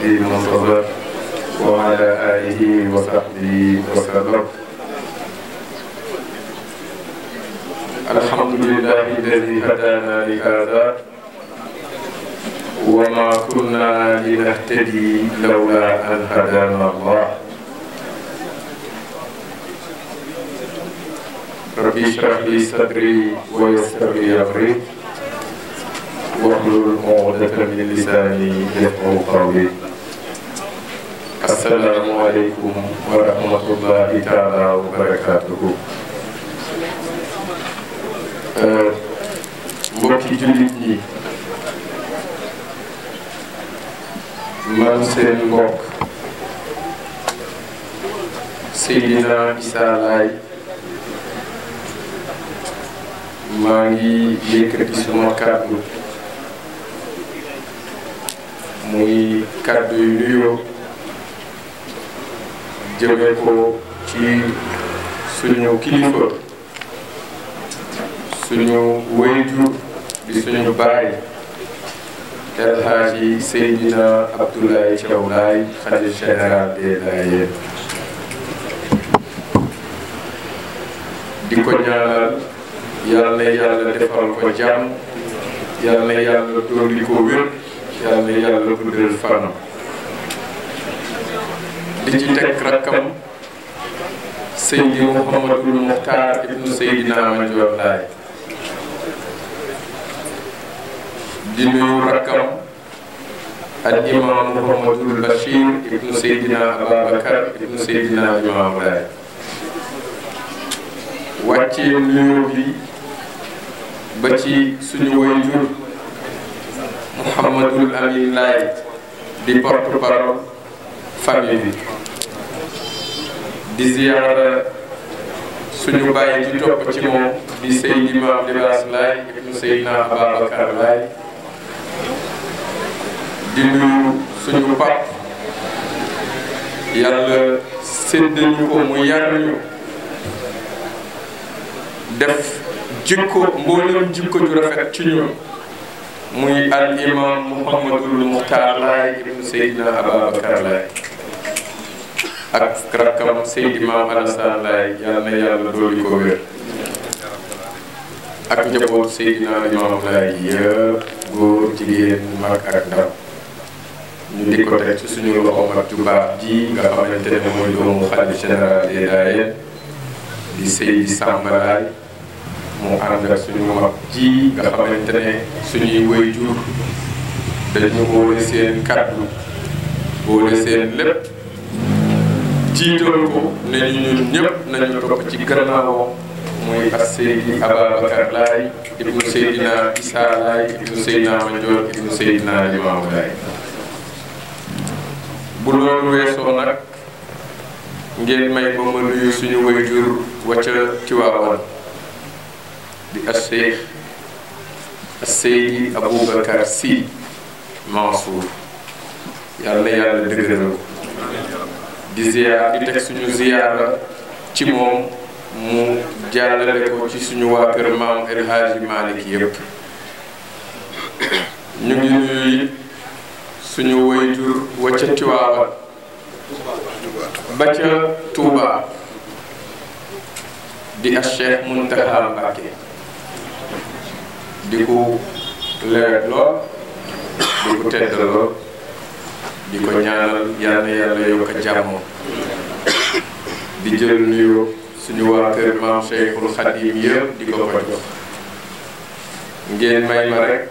فيه من صدر وعلى آله وصحبه وسلم الحمد لله الذي هدانا لهذا وما كنا لنهتدي لولا أن هدانا الله ربي اشرح لي صدري ويسر لي أمري واحلل عقدة من لساني يفقه قولي السلام عليكم ورحمة الله تعالى وبركاته mbokki jullit ñi man seen mbokk Seydina Issa Laye maa ngi yëkkati suma muy kàddu yu nuyoo jëmee ko ci suñu kilifa suñu wayjur di suñu baay El Hadji Seydina Abdoulaye Thiaw Laye xalif général des Layènes di ko ñaanal yàlla na yàlla defal ko jàmm yàlla na yàlla dolli ko wér yàlla yàlla guddal fanam di ci teg rakkam Seydi Mouhamadul Muxtaar ibnu Seydina Mandior Laay di nuyu rakkam al imam Mouhamadul Bachir ibnu Seydina Ababacar ibnu Seydina Imaam Laay wàccee nuyu bi ba ci suñu waajur Mouhamadul Amin Laye di porte parole famille suñu bàyyi di topp ci moom di Seydi Maam Libaas Laay ibnu Seydina Ababacar Laay di nuyu suñu pap yàlla sédd ñu ko mu yar ñu def jikko mboolem jikko ju rafet ci ñun muy al imam Mouhamadul Muxtaar Laay ibnu Seydina Ababacar Laay ak rakkam Seydi Maam Alassane Laay yal yàlla dolli ko wér ak njaboot Seydina Imaam Laay yëpp góor jigéen mag ak ndaw ñu di ko teg ci suñu loxo mag ju ji nga xamante ne mooy doomu xalifa général des Layènes di Seydi Samba mu ànd ak suñu mag ji nga xamante suñuy woy jur dañu boole seen kàddu boole seen lépp jiital ko ne ñu ñun ñëpp nañu topp ci gannaawam muy as Seydi Ababacar Laay ibnu Seydina Isa Laay ibnu Seydina Mandione ibnu Seydina Limaamu Laay bu loolu weesoo nag ngeen may ba ma nuyu suñu woy jur wacca ci di acheikh seydi aboubacar si mansour yàlla yàlla dëgëral ko di ziyaar di teg suñu ziyaara ci moom mu jàllale ko ci suñu waa kër maam El yépp ñu ngi nuyu suñu wayjur wa ca Tiwaawan ba ca Tuuba di acheikh Muntaxa Mbàkke di ko lewet lool di ko tedd lool di ko ñaanal yal na yàlla yokk jàmm di jël nuyoo suñu waa kër maam Cheikhul Khadim yëpp di ko ko jox ngeen may ma rek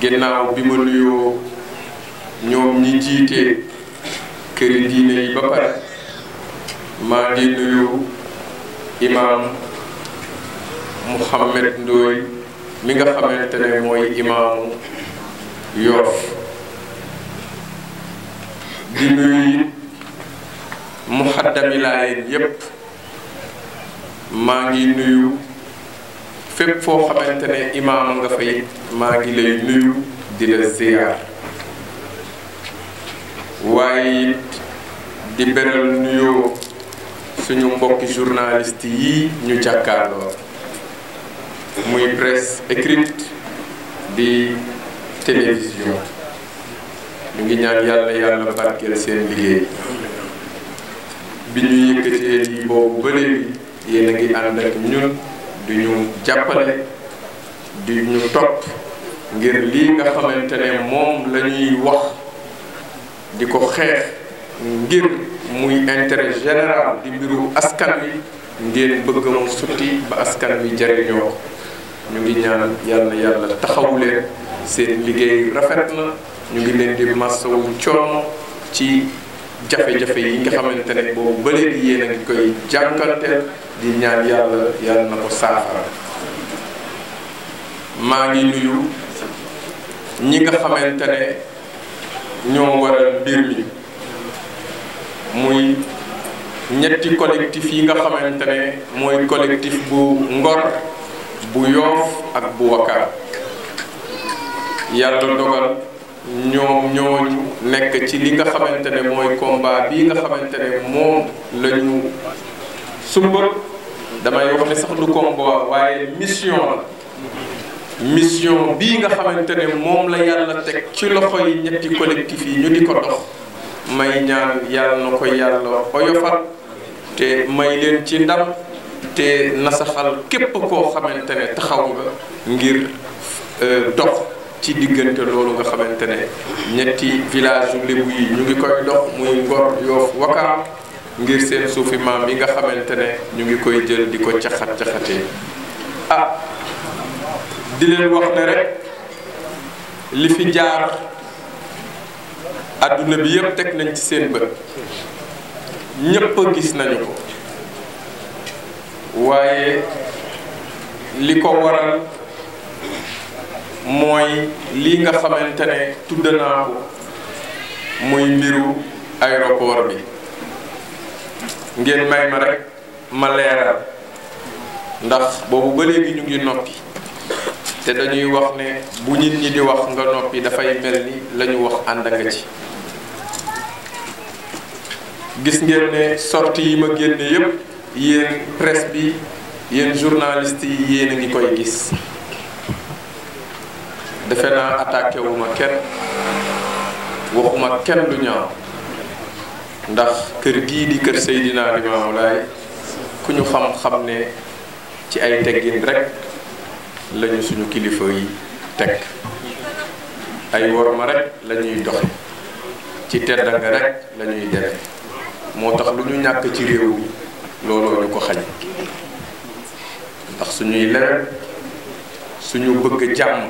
ginnaaw bi ma nuyoo ñoom ñi jiite këri diine yi ba pare maa ngi nuyu imaam Mouhamed Ndoye mi nga xamante ne mooy imaamu Yoff di nuyu muxaddami laayeen yépp maa ngi nuyu fépp foo xamante ne imaam nga fa it maa ngi lay nuyu di la ziyaar waaye it di beral nuyoo suñu mbokki journaliste yi ñu jàkkaarloo muy presse écrite di télévision ñu ngi ñaan yàlla yàlla barkeel seen liggéey bi ñu yëkkatee lii boobu ba léegi yéen a ngi ànd ak ñun du jàppale du ñu topp ngir lii nga xamante ne moom la wax di ko xeex ngir muy intérêt général di mbiru askan wi ngeen bëgg mu sutti ba askan bi jariñoo ñu ngi ñaan yàlla yàlla taxawu leen seen liggéey rafet na ñu ngi leen di masawu coono ci jafe-jafe yi nga xamante ne boobu ba léegi yéen a koy jànkanteel di ñaan yàlla yàlla na ko saafara maa ngi nuyu ñi nga xamante ne ñoo waral mbir mi muy ñetti collectif yi nga xamante ne mooy collectif bu Ngor bu yoof ak bu wakkaat yàlla dogal ñoom ñooñu nekk ci li nga xamante ne mooy combat bii nga xamante ne moom la ñu sumbal damay wax ne waaye mission la mission bii nga xamante ne moom la yàlla teg ci loxo yi ñetti collectif yi ñu di ko dox may ñaan yàlla na ko yàlla oyofal te may leen ci ndam te nasaxal képp koo xamante ne taxaw nga ngir euh, dox ci diggante loolu nga xamante ne ñetti village yu lébu yi ñu ngi koy dox muy Ngor Yoof Wakaam ngir seen suufi maam yi nga xamante ne ñu ngi koy jël di ko caxat caxatee ah di leen wax ne rek li fi jaar àdduna bi yëpp teg nañ ci seen bët ñépp gis nañu ko waaye li ko waral mooy lii nga xamante ne tudd naa ko muy mbiru aéroport bi ngeen may ma rek ma leeral ndax boobu ba léegi ñu ngi noppi te dañuy wax ne bu nit ñi di wax nga noppi dafay mel ni la wax ànd nga ci gis ngeen ne sortie yi ma génne yépp yéen presse bi yéen journaliste yi yéen a ngi koy gis defe na attaqué wu ma kenn waxuma kenn lu ñaaw ndax kër gii di kër Seydina Limaamu Laay ku ñu xam-xam ne ci ay teggin rek lañu suñu kilifa yi teg ay worma rek la doxe ci tedd nga rek la ñuy moo tax lu ñu ñàkk ci réew mi looloo ñu ko xañ ndax suñuy lewet suñu bëgg jàmm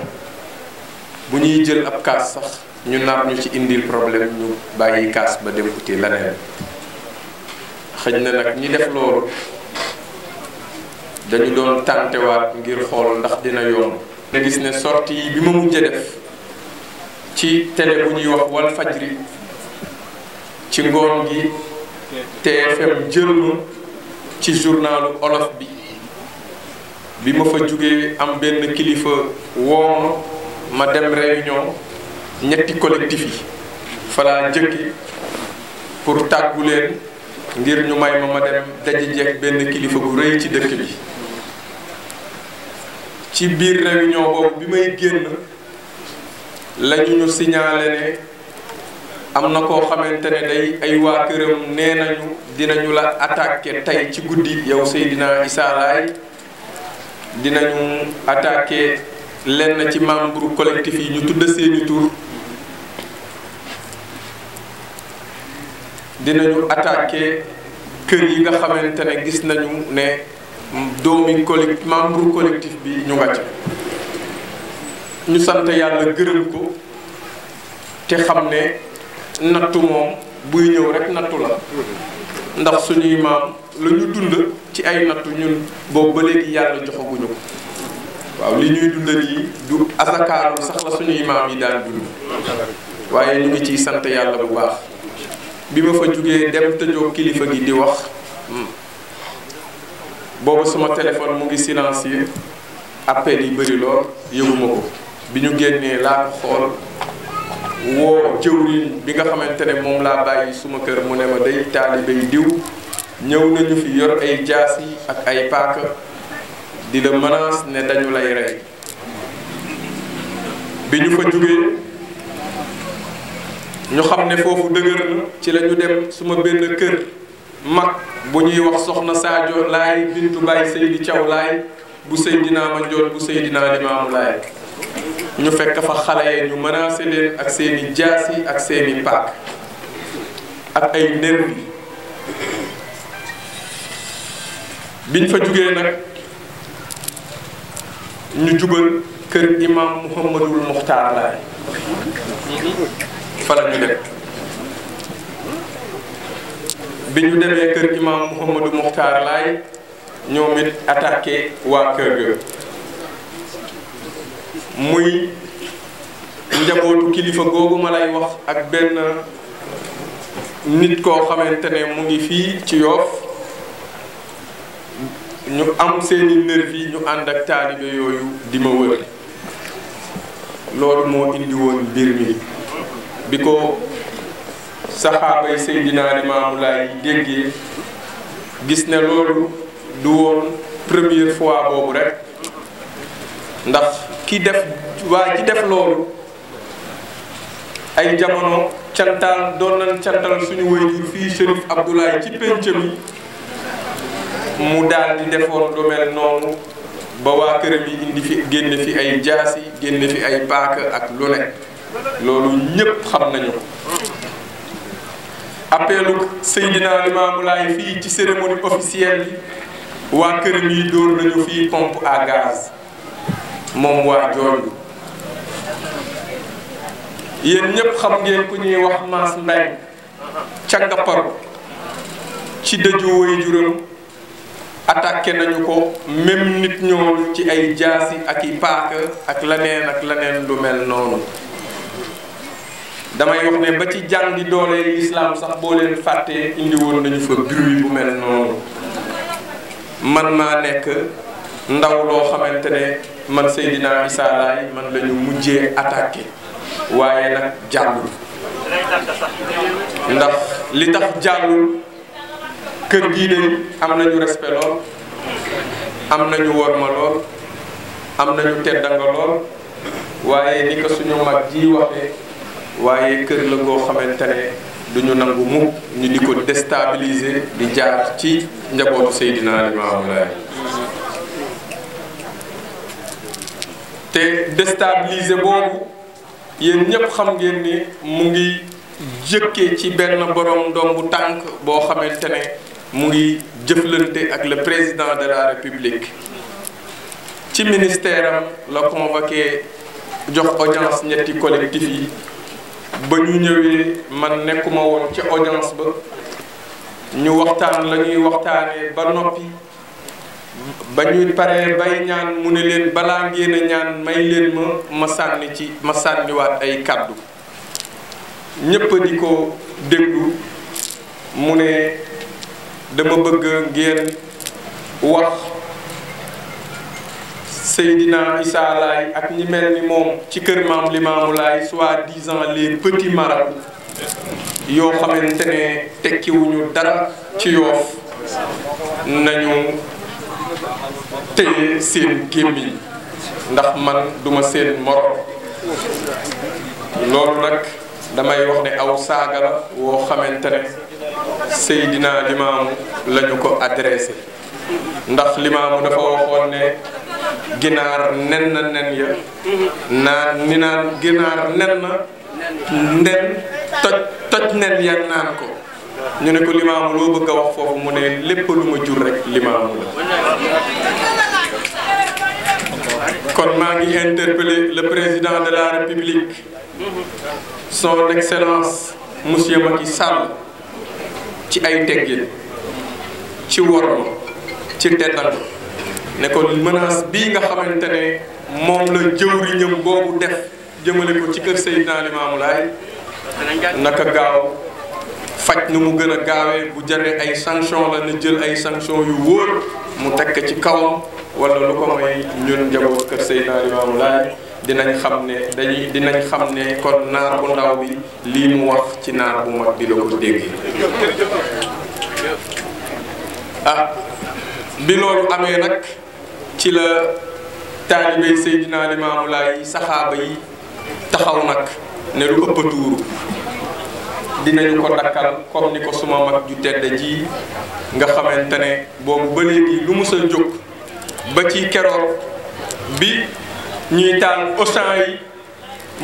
bu ñuy jël ab kaas sax ñu naat ñu ci indil problème ñu bàyyi kaas ba dem uti leneen xëj na nag ñi def loolu dañu doon tàntewaat ngir xool ndax dina yomb nga gis ne sortie yi bi ma mujj def ci télé bu ñuy wax Walfadjri ci ngoon gi TFM jël ci journalu olof bi bi ma fa jógee am benn kilifa wooma ma dem réunion ñetti collectif yi falaa njëkki pour tàggu ngir ñu may ma ma dem daje benn kilifa bu rëy ci dëkk bi ci biir réunion boobu bi may génn lañu ñu signalé ne am na koo xamante ne day ay waa këram nee nañu dinañu la attaqué tey ci guddi yow Seydina Issa Laye dinañu attaqué lenn ci membre collectif yi ñu tudd seeni tur dinañu attaqué kër yi nga xamante ne gis nañu ne doomi collectif membre collectif bi ñu nga ci ñu sant yàlla gërëm ko te xam ne nattu moom buy ñëw rekk nattu la ndax suñuy maam la dund ci ay nattu ñun boobu ba léegi yàlla joxaguñu ko waaw li ñuy dundal yi du asakaaru sax la suñuy maam yi daan dund waaye ñu ngi ciy sant yàlla bu baax bi ma fa jógee dem tëjoo kilifa gi di wax hmm, boobu suma téléphone mu ngi silencieux appel yi bëri lool yëguma ko bi ñu génnee laa ko xool woo jëwriñ bi nga xamante ne moom laa bàyyi suma kër mu ne ma day taalibe yi diw ñëw nañu fi yor ay jaasi ak ay paaka di la menace ne dañu lay rey bi ñu fa jugee ñu xam ne foofu dëgër la ci lañu ñu dem suma benn kër mag bu ñuy wax soxna Sadio Laay bintu Baye Seydi Thiaw Laay bu Seydina Mandione bu Seydina Limaamu Laay ñu fekk fa xale ya ñu menacé leen ak seeni jaasi ak seeni paak ak ay nervi biñ fa jugee nag ñu jubal kër imam Muhammadul Muxtaar Laay fa la dem bi ñu demee kër imam Muhammadul Muxtaar Laay ñoom it attaqué waa kër ga muy njabootu kilifa googu ma lay wax ak benn nit koo xamante ne mu ngi fii ci Yoff ñu am seeni nervi ñu ànd ak taalibe yooyu di ma wër loolu moo indi woon mbir mi bi ko saxaabay Seydina Limaamu Laay déggee gis ne loolu du woon première fois boobu rek ndax ki def waa ji def loolu ay jamono cantaal doon nañ cantal suñu waajur fii Chérif Abdoulaye ci penc mi mu daal di defoon lu mel noonu ba waa këram yi indi fi génn fi ay jaasi génn fi ay paaka ak lu loolu ñépp xam nañu ko appelu Seydina Limaamu Laay fii ci cérémonie officielle yi waa këram yi doon nañu fii pompe à gaz moom waa jooju yéen ñëpp xam ngeen ku ñuy wax maas mbay ca ngapparu ci dëju woy juróom attaqué nañu ko même nit ñooñu ci ay jaasi ak i paaka ak leneen ak leneen lu mel noonu damay wax ne ba ci jàngi doole lislaam sax boo leen fàttee indi woon nañu fa bruit bu mel noonu man maa nekk ndaw loo xamante ne man Seydina Issa Laye man la ñu mujjee attaqué waaye nag jàllul ndax li tax jàllul kër gii de am nañu respect lool am nañu worma lool am na nañu teddanga lool waaye ni ko suñu mag ji waxee waaye kër la goo xamante ne duñu nangu mu ñu di ko déstabiliser di jaar ci njabootu Seydina Limaamu Laay te déstabiliser boobu yéen ñëpp xam ngeen ni mu ngi jëkkee ci benn doom bu tànk boo xamante ne mu ngi jëflante ak le président de la république ci ministère am la convoqué jox audience ñetti collectif yi ba ñu ñëwee man nekkuma woon ci audience ba ñu waxtaan la ñuy waxtaanee ba noppi ba ñuy paree bay ñaan mu ne leen balaa ngeen a ñaan may leen ma ma sànni ci ma sànniwaat ay kàddu ñépp di ko déglu mu ne dama bëgg ngeen wax Seydina Issa ak ñi mel ni moom ci kër maam Limaamu Laay soi-disant les petits marabouts yoo xamante ne tekkiwuñu dara ci yoof nañu téye seen gémmiñ ndax man duma seen morom loolu nag damay wax ne aw saaga la woo xamante ne Seydina Limaamu la ko adressé ndax Limaamu dafa waxoon ne ginaar nen na nen ya naan ni naan ginaar na nen toj toj nen ya naan ko ñu ne ko Limaamu loo bëgg a wax foofu mu ne lépp lu ma jur rek Limaamu la kon maa ngi interpeller le président de la république son excellence monsieur Macky Sall ci ay teggin ci worma ci teddal ne ko menace bii nga xamante ne moom la jëwriñam boobu def jëmale ko ci kër Seydina Limaamu Laay naka gaaw faj nu mu gën a gaawee bu jaree ay sanction la na jël ay sanction yu wóor mu tekk ci kawam wala lu ko may ñun njaboot kër Seydina Limaamu Laay dinañ xam ne dañuy dinañ xam ne kon naar bu ndaw bi lii mu wax ci naar bu mag bi la ko déggee ah bi loolu amee nag ci la taalibey Seydina Limaamu Laay saxaaba yi taxaw nag ne lu ëpp tuuru dinañu ko dakkal comme ni ko suma mag ju tedd ji nga xamante ne boobu ba léegi lu mus jóg ba ci keroog bi ñuy taal Auchan yi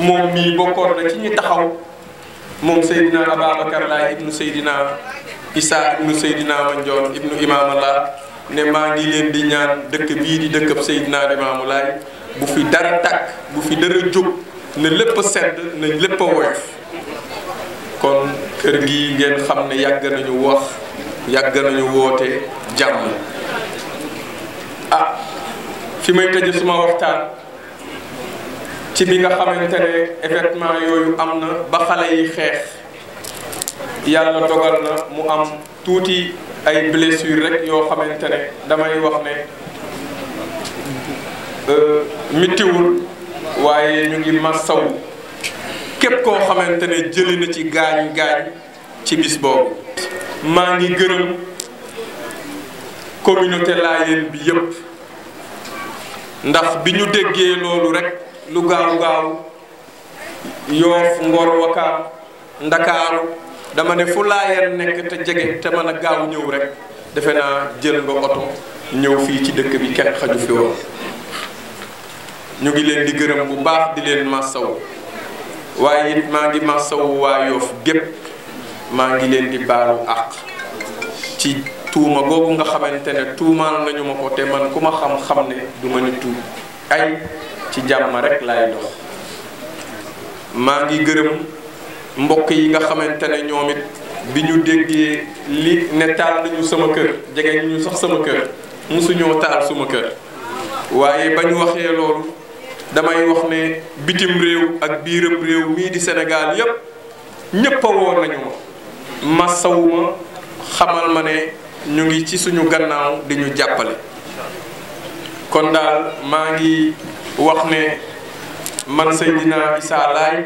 moom mii bokkoon na ci ñu taxaw moom Seydina Ababacar Laay ibnu Seydina Isaa ibnu Seydina Mandione ibnu Imaamallah ne maa ngi leen di ñaan dëkk bii di dëkkab Seydina Limaamu Laay bu fi dara tàkk bu fi dara jóg na lépp sedd na lépp woyof kon kër gi ngeen xam ne yàgg nañu wax yàgg nañu woote jàmm ah fi may tëj suma waxtaan ci bi nga xamante ne événement yooyu am na ba xale yi xeex yàlla dogal na mu am tuuti ay blessure rek yoo xamante ne damay wax ne euh, mittiwul waaye ñu ngi massaw képp koo xamante ne jëli ci gaañ gaañ ci bis boobu. maa ngi gërëm communauté Layène bi yépp ndax bi ñu déggee loolu rekk lu gaaw gaaw Yoof Ngor Wakaam Ndakaaru dama ne fu Layène nekk te jege te mën a gaaw ñëw rekk defe naa jël nga oto ñëw fii ci dëkk bi kenn xaju fi woon ñu ngi leen di gërëm bu baax di leen masaw waaye it maa ngi masawu waa Yoff gépp maa ngi leen di baalu àq ci tuuma googu nga xamante ne tuumaal nañu ma ko te man ku ma xam-xam ne du ma ni tuub ay ci jàmm rek laay dox maa ngi gërëm mbokk yi nga xamante ne ñoom it bi ñu déggee li ne taal nañu sama kër jege ñu sax sama kër mosuñoo taal suma kër waaye ba ñu waxee loolu damay wax ne bitim réew ak biiram réew mii di senegaal yépp ñépp a nañu ma masawuma xamal ma ne ñu ngi ci suñu gannaaw di ñu jàppale kon daal maa ngi wax ne man Seydina Issa Laye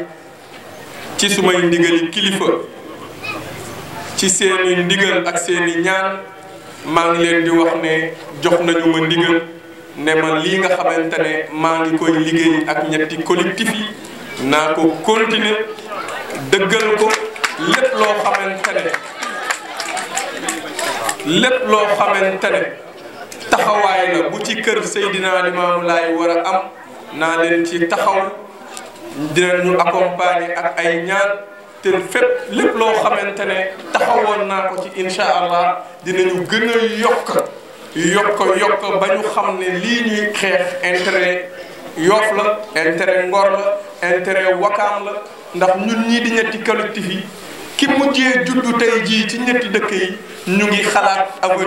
ci sumay ndigali kilifa ci seeni ndigal ak seeni ñaan maa ngi leen di wax ne jox nañu ma ndigal ne ma lii nga xamante ne maa ngi koy liggéey ak ñetti collectif yi naa ko continuer dëggal ko lépp loo xamante lépp loo xamante ne taxawaay la bu ci kër Seydina Limaamu Laay war a am naa leen ci taxaw dinañu accompagner ak ay ñaan te fépp lépp loo xamante ne taxawoon naa ko ci incha allah dinañu gën a yokk yokk yokk ba ñu xam ne lii ñuy xeex intérêt Yoff la intérêt Ngor la intérêt Wakaam la ndax ñun ñii di ñetti collectif yi ki mujjee juddu tey jii ci ñetti dëkk yi ñu ngi xalaat a am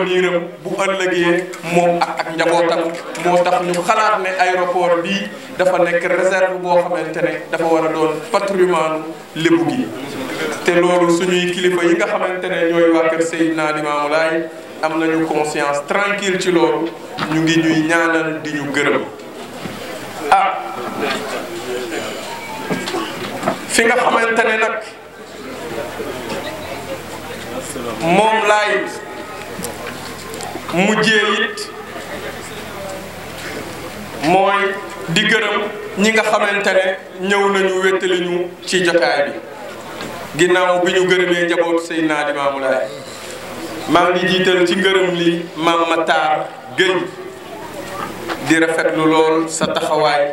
bu ëllëgee moom ak ak njabootam moo tax ñu xalaat ne aéroport bii dafa nekk réserve boo xamante ne dafa war a doon patrimoine lébu gi te loolu suñuy kilifa yi nga xamante ne ñooy waa kër Seydina Limaamu Laay am nañu conscience tranquille ci loolu ñu ngi ñuy ñaanal di ñu gërëm ah fi nga xamante ne nag moom laay mujjee it mooy di gërëm ñi nga xamante ne ñëw nañu wéttali ñu ci jotaay bi ginnaaw bi ñu gërëmee njaboot Seydina Limaamu Laay maa ngi jiital ci ngërëm li maam Matar Gueye di rafetlu lool sa taxawaay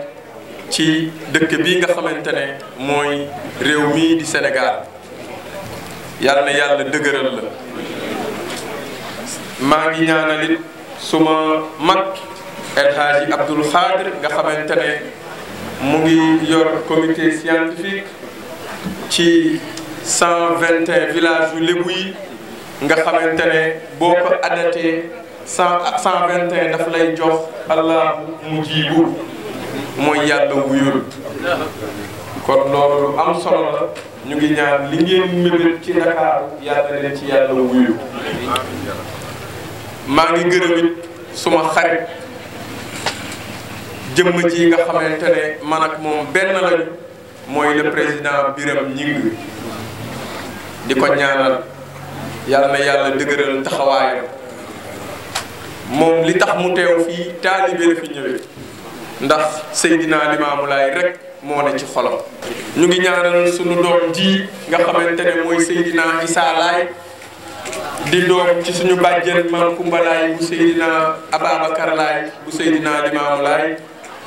ci dëkk bi nga xamante ne mooy réew mii di Sénégal yàlla na yàlla dëgëral la maa ngi ñaanalit suma mag El Hadji Abdoul nga xamante mu ngi yor comité scientifique ci 121 village yu lébu yi nga xamante ne boo ko adatee cent cent vingt et daf lay jox allah mu jiibu mooy yàlla wuyul kon loolu am solo la ñu ngi ñaan li ngeen mébét ci Dakar yàlla leen ci yàlla wuyu maa ngi gërëm it suma xarit jëmm ji nga xamante ne man ak moom benn lañu mooy le président Birame Gningue di ko ñaanal yàlla na yàlla dëgëral taxawaayam moom li tax mu teew fii taalibe la fi ñëwee ndax Seydina Limaamu Laay rek moo ne ci xolam ñu ngi ñaanal sunu doom ji nga xamante ne mooy Seydina Isa Laay di doom ci suñu bàjjen Maam Kumba bu Seydina Ababacar Laay bu Seydina Limaamu Laay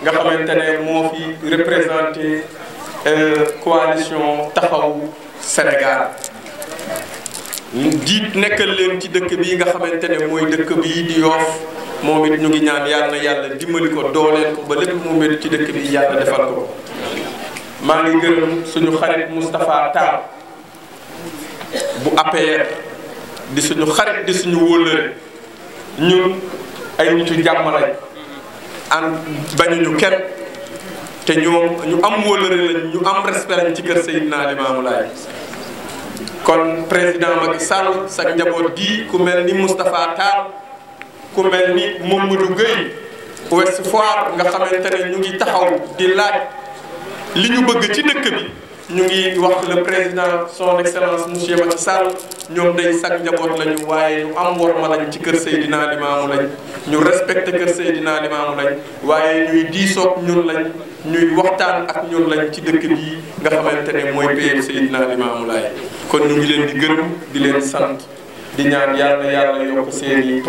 nga xamante ne moo fi représenté euh, coalition taxawu Sénégal jiit nekkal leen ci dëkk bii nga xamante ne mooy dëkk bi di yoof moom it ñu ngi ñaan yàlla yàlla dimbali ko dooleel ko ba lépp mu mel ci dëkk bi yàlla defal ko maa ngi gërëm suñu xarit Moustapha Tall bu APR di suñu xarit di suñu wóllëre ñun ay nitu jàmm lañ an bañuñu kenn te ñoom ñu am wóllëre lañ ñu am respect ci kër Seydina Limaamu Laay kon président Macky Sall sa njaboot gi ku mel ni Moustapha Tall ku mel ni Mamadou Gueye Ouest Foire nga xamante ne ñu ngi taxaw di laaj li ñu bëgg ci dëkk bi ñu ngi wax le président son excellence monsieur Macky Sall ñoom day sag njaboot lañu waaye ñu am worma lañu ci kër Seydina Limaamu lañ ñu respecté kër Seydina Limaamu lañ waaye ñuy diisoog ñun lañ ñuy waxtaan ak ñun lañ ci dëkk bii nga xamante ne mooy payem Seydina Limaamu Laay kon ñu ngi di gërëm di leen sant di ñaan yàlla yàlla yokk seeni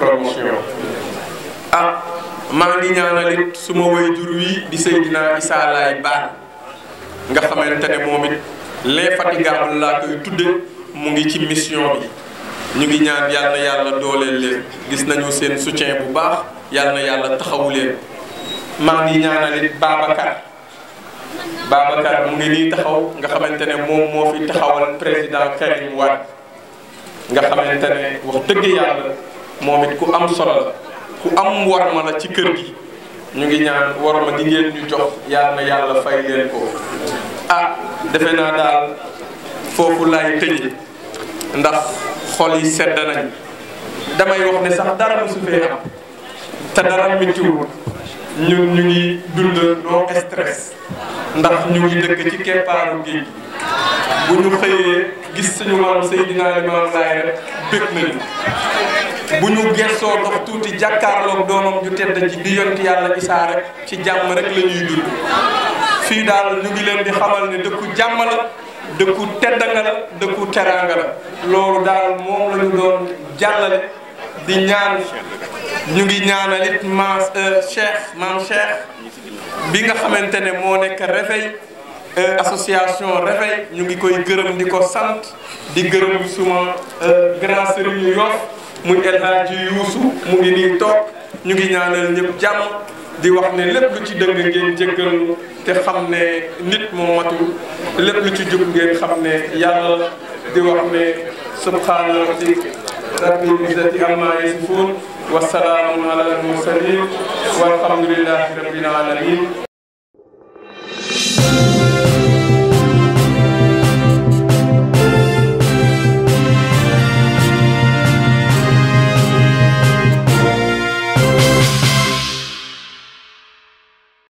ah, maa ngi ñaanalit suma wayjur wi di Seydina Issa Laay Ba nga xamante ne moom it les fatigables laa koy tudde mu ngi ci mission bi ñu ngi ñaan yàlla na yàlla dooleel leen gis nañu seen soutien bu baax yàlla na yàlla taxawu leen maa ngi ñaanal it Babacar Babacar mu ngi nii taxaw nga xamante ne moom moo fi taxawal président Karim Wade nga xamante ne wax dëgg yàlla moom it ku am solo ku am warma la ci kër gi ñu ngi ñaan warma gi ngeen ñu jox yàlla na yàlla fay leen ko ah defe naa daal foofu laay tëjee ndax xol yi sedd nañ damay wax ne sax dara mosu fee am te dara méttiwul ñun ñu ngi dund noo stress ndax ñu ngi dëkk ci keppaaru géej bu ñu xëyee gis suñu maam Seydina Limaamu Laay rek bëgg nañu bu ñu gëstoo dox tuuti jàkkaarloog doomam ju tedd ji di yonti yàlla isaa rek ci jàmm rek la ñuy dund fii daal ñu ngi leen di xamal ne dëkku jàmm la dëkku teddanga la dëkku teraanga la loolu daal moom la ñu doon jàllale di ñaan ñu ngi ñaanal it maam euh, Cheikh maam Cheikh bi nga xamante ne moo nekk Réveil euh, association Réveil ñu ngi koy gërëm di ko sant di gërëm suma euh, grand sëriñ Yoff mu El Hadji Yuusu mu ngi nii toog ñu ngi ñaanal ñëpp jàmm di wax ne lépp lu ci dëng ngeen jéggal te xam ne nit moo matul lépp lu ci jub ngeen xam ne yàlla di wax ne subhaana rabbi rabbil izzati amma yasifuun wa salaamun ala al mursalin walhamdulillahi rabbil alamin